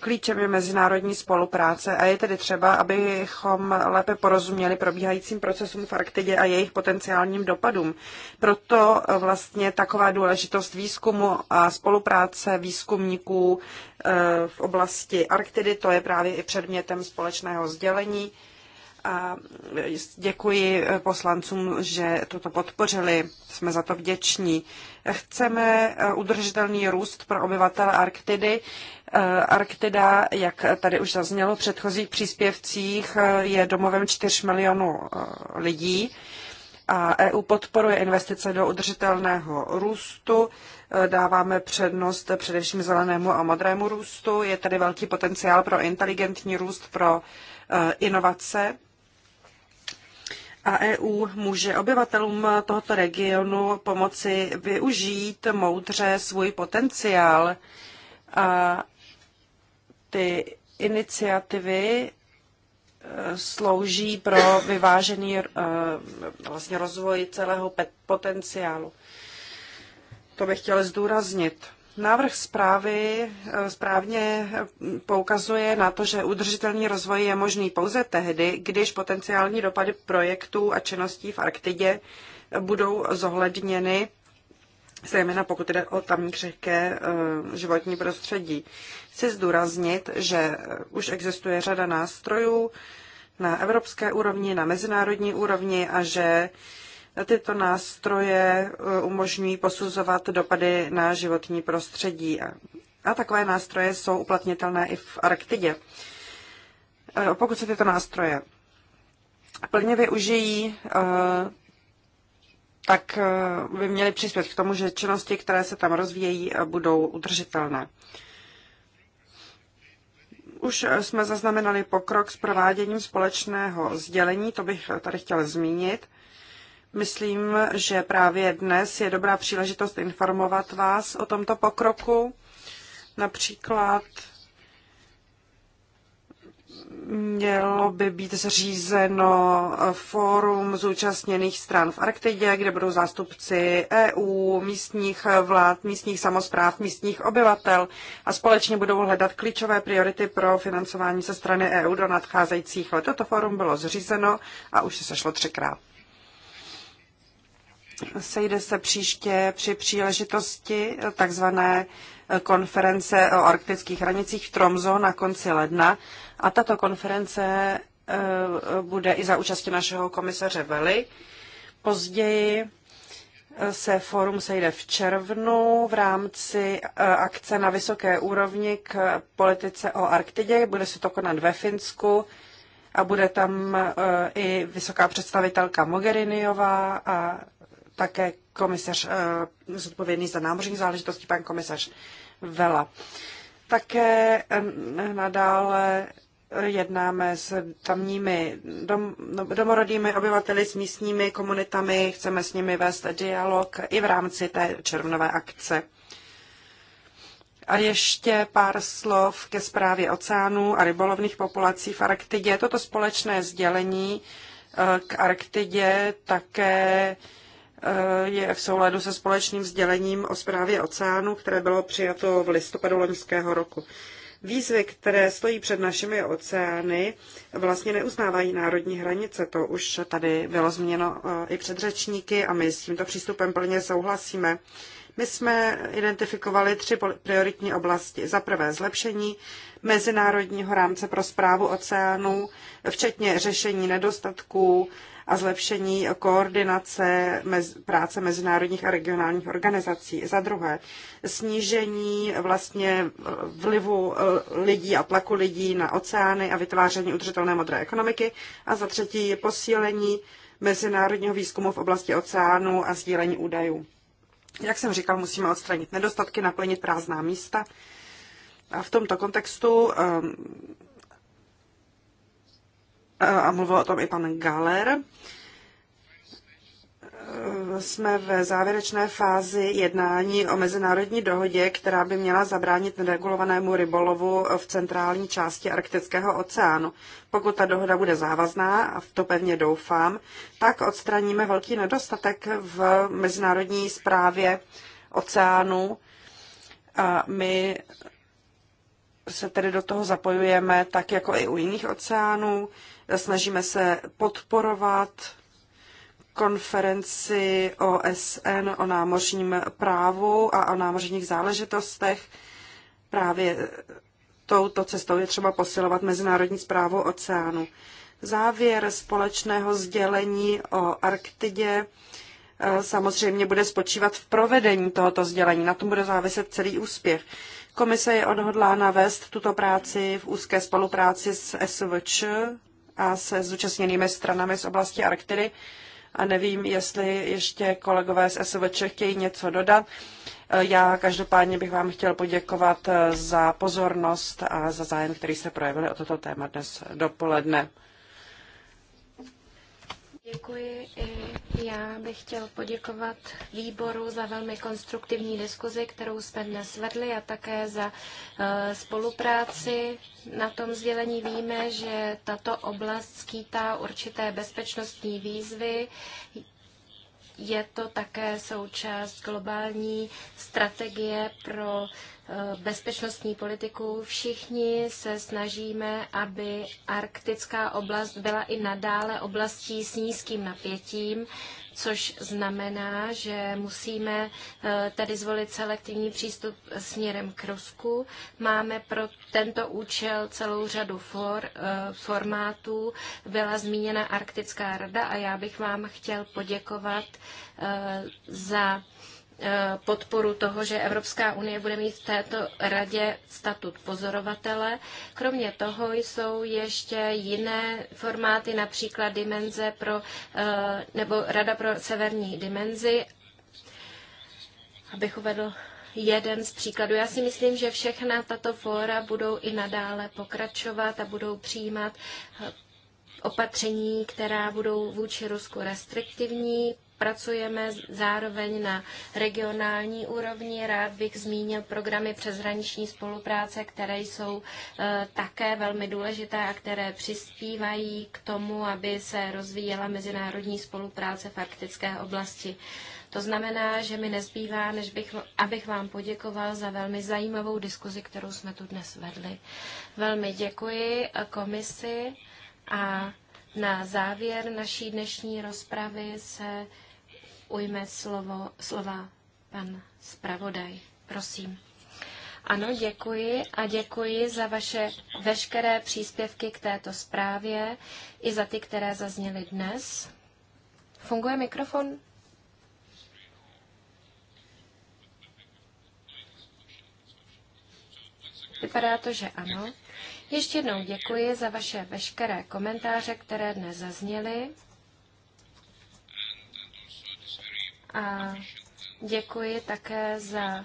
Klíčem je mezinárodní spolupráce a je tedy třeba, abychom lépe porozuměli probíhajícím procesům v Arktidě a jejich potenciálním dopadům. Proto vlastně taková důležitost výzkumu a spolupráce výzkumníků eh, v oblasti Arktidy, to je právě i předmětem společného sdělení a děkuji poslancům, že toto podpořili. Jsme za to vděční. Chceme eh, udržitelný růst pro obyvatele Arktidy. Eh, Arktida, jak tady už zaznělo v předchozích příspěvcích, eh, je domovem 4 milionů lidí a EU podporuje investice do udržitelného růstu. Dáváme přednost především zelenému a modrému růstu. Je tady velký potenciál pro inteligentní růst, pro inovace a EU může obyvatelům tohoto regionu pomoci využít moudře svůj potenciál. A ty iniciativy e, slouží pro vyvážený e, vlastně rozvoj celého potenciálu. To bych chtěla zdůraznit. Návrh zprávy eh, správně poukazuje na to, že udržitelný rozvoj je možný pouze tehdy, když potenciální dopady projektů a činností v Arktidě budou zohledněny, zejména pokud jde o tamní křehké eh, životní prostředí. Chci zdůraznit, že eh, už existuje řada nástrojů na evropské úrovni, na mezinárodní úrovni a že Tyto nástroje eh, umožňují posuzovat dopady na životní prostředí a takové nástroje jsou uplatnitelné i v Arktidě. Eh, pokud se tyto nástroje plně využijí, eh, tak by měly přispět k tomu, že činnosti, které se tam rozvíjejí, budou udržitelné. Už jsme zaznamenali pokrok s prováděním společného sdělení, to bych tady chtěla zmínit. Myslím, že právě dnes je dobrá příležitost informovat vás o tomto pokroku. Například mělo by být zřízeno fórum zúčastněných stran v Arktidě, kde budou zástupci EU, místních vlád, místních samozpráv, místních obyvatel a společně budou hledat klíčové priority pro financování ze strany EU do nadcházejících let. Toto fórum bylo zřízeno a už se sešlo třikrát. Sejde se příště při příležitosti takzvané konference o arktických hranicích v Tromzo na konci ledna. A tato konference eh, bude i za účasti našeho komisaře Veli. Později eh, se fórum sejde v červnu v rámci eh, akce na vysoké úrovni k politice o Arktidě. Bude se to konat ve Finsku a bude tam i vysoká představitelka Mogheriniová a také komisař eh, zodpovědný za námořní záležitosti, pan komisař Vela. Také nadále jednáme s tamními dom, no, domorodými obyvateli, s místními komunitami, chceme s nimi vést dialog i v rámci té červnové akce. A ještě pár slov ke zprávě oceánů a rybolovných populací v Arktidě. Toto společné sdělení eh, k Arktidě také je v souladu se společným sdělením o zprávě oceánu, které bylo přijato v listopadu loňského roku. Výzvy, které stojí před našimi oceány, vlastně neuznávají národní hranice. To už tady bylo změno e, i před řečníky a my s tímto přístupem plně souhlasíme. My jsme identifikovali tři prioritní oblasti. Za prvé zlepšení mezinárodního rámce pro zprávu oceánů, včetně řešení nedostatků, a zlepšení koordinace mez, práce mezinárodních a regionálních organizací. Za druhé, snížení vlastně vlivu lidí a tlaku lidí na oceány a vytváření udržitelné modré ekonomiky. A za třetí, posílení mezinárodního výzkumu v oblasti oceánu a sdílení údajů. Jak jsem říkal, musíme odstranit nedostatky, naplnit prázdná místa. A v tomto kontextu ehm, a mluvil o tom i pan Galer, e, jsme v závěrečné fázi jednání o mezinárodní dohodě, která by měla zabránit neregulovanému rybolovu v centrální části Arktického oceánu. Pokud ta dohoda bude závazná, a v to pevně doufám, tak odstraníme velký nedostatek v mezinárodní správě oceánu. A my se tedy do toho zapojujeme tak jako i u jiných oceánů. Snažíme se podporovat konferenci OSN o námořním právu a o námořních záležitostech. Právě touto cestou je třeba posilovat mezinárodní zprávu oceánu. Závěr společného sdělení o Arktidě eh, samozřejmě bude spočívat v provedení tohoto sdělení. Na tom bude záviset celý úspěch. Komise je odhodlána vést tuto práci v úzké spolupráci s SVČ, a se zúčastněnými stranami z oblasti Arktidy. A nevím, jestli ještě kolegové z SVČ chtějí něco dodat. Eh, já každopádně bych vám chtěl poděkovat eh, za pozornost a za zájem, který se projevili o toto téma dnes dopoledne.
Děkuji. I já bych chtěl poděkovat výboru za velmi konstruktivní diskuzi, kterou jsme dnes vedli a také za eh, spolupráci. Na tom sdělení víme, že tato oblast skýtá určité bezpečnostní výzvy. Je to také součást globální strategie pro bezpečnostní politiku. Všichni se snažíme, aby arktická oblast byla i nadále oblastí s nízkým napětím, což znamená, že musíme eh, tady zvolit selektivní přístup směrem k Rusku. Máme pro tento účel celou řadu for, eh, formátů. Byla zmíněna Arktická rada a já bych vám chtěl poděkovat eh, za Eh, podporu toho, že Evropská unie bude mít v této radě statut pozorovatele. Kromě toho jsou ještě jiné formáty, například dimenze pro, eh, nebo Rada pro severní dimenzi. Abych uvedl jeden z příkladů. Já si myslím, že všechna tato fóra budou i nadále pokračovat a budou přijímat eh, opatření, která budou vůči Rusku restriktivní, pracujeme zároveň na regionální úrovni. Rád bych zmínil programy přeshraniční spolupráce, které jsou eh, také velmi důležité a které přispívají k tomu, aby se rozvíjela mezinárodní spolupráce v arktické oblasti. To znamená, že mi nezbývá, než bych, abych vám poděkoval za velmi zajímavou diskuzi, kterou jsme tu dnes vedli. Velmi děkuji eh, komisi a na závěr naší dnešní rozpravy se ujme slovo, slova pan zpravodaj. Prosím. Ano, děkuji a děkuji za vaše veškeré příspěvky k této zprávě i za ty, které zazněly dnes. Funguje mikrofon? Vypadá to, že ano. Ještě jednou děkuji za vaše veškeré komentáře, které dnes zazněly. a děkuji také za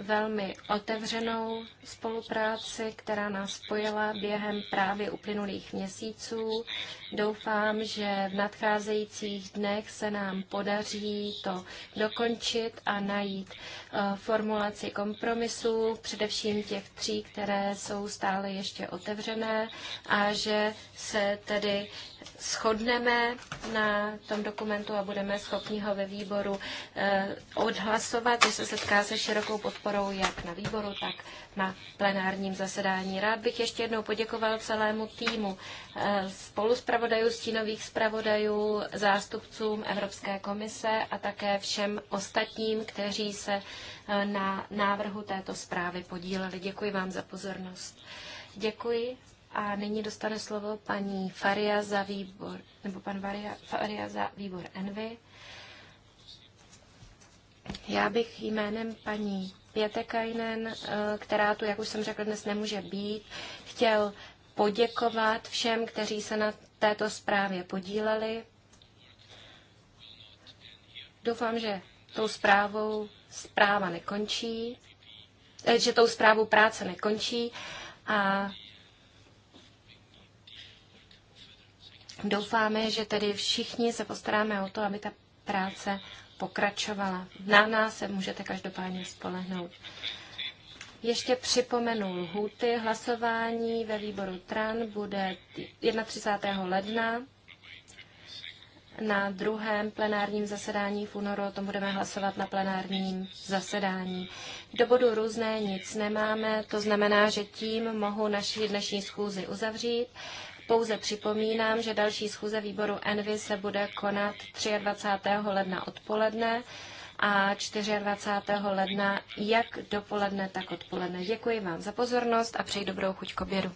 velmi otevřenou spolupráci, která nás spojila během právě uplynulých měsíců. Doufám, že v nadcházejících dnech se nám podaří to dokončit a najít eh, formulaci kompromisů, především těch tří, které jsou stále ještě otevřené a že se tedy shodneme na tom dokumentu a budeme schopni ho ve výboru eh, odhlasovat, že se setká se širokou podporou jak na výboru, tak na plenárním zasedání. Rád bych ještě jednou poděkoval celému týmu eh, spolu s zpravodajů, stínových zpravodajů, zástupcům Evropské komise a také všem ostatním, kteří se eh, na návrhu této zprávy podíleli. Děkuji vám za pozornost. Děkuji a nyní dostane slovo paní Faria za výbor, nebo pan Varia, Faria za výbor Envy. Já bych jménem paní Pětekajnen, eh, která tu, jak už jsem řekla, dnes nemůže být, chtěl poděkovat všem, kteří se na této zprávě podíleli. Doufám, že tou zprávou zpráva nekončí, eh, že tou zprávou práce nekončí a doufáme, že tedy všichni se postaráme o to, aby ta práce pokračovala. Na nás se můžete každopádně spolehnout. Ještě připomenu lhuty. Hlasování ve výboru TRAN bude 31. ledna. Na druhém plenárním zasedání v únoru o tom budeme hlasovat na plenárním zasedání. Do bodu různé nic nemáme, to znamená, že tím mohu naši dnešní schůzi uzavřít. Pouze připomínám, že další schůze výboru Envy se bude konat 23. ledna odpoledne a 24. ledna, jak dopoledne, tak odpoledne. Děkuji vám za pozornost a přeji dobrou chuť k obědu.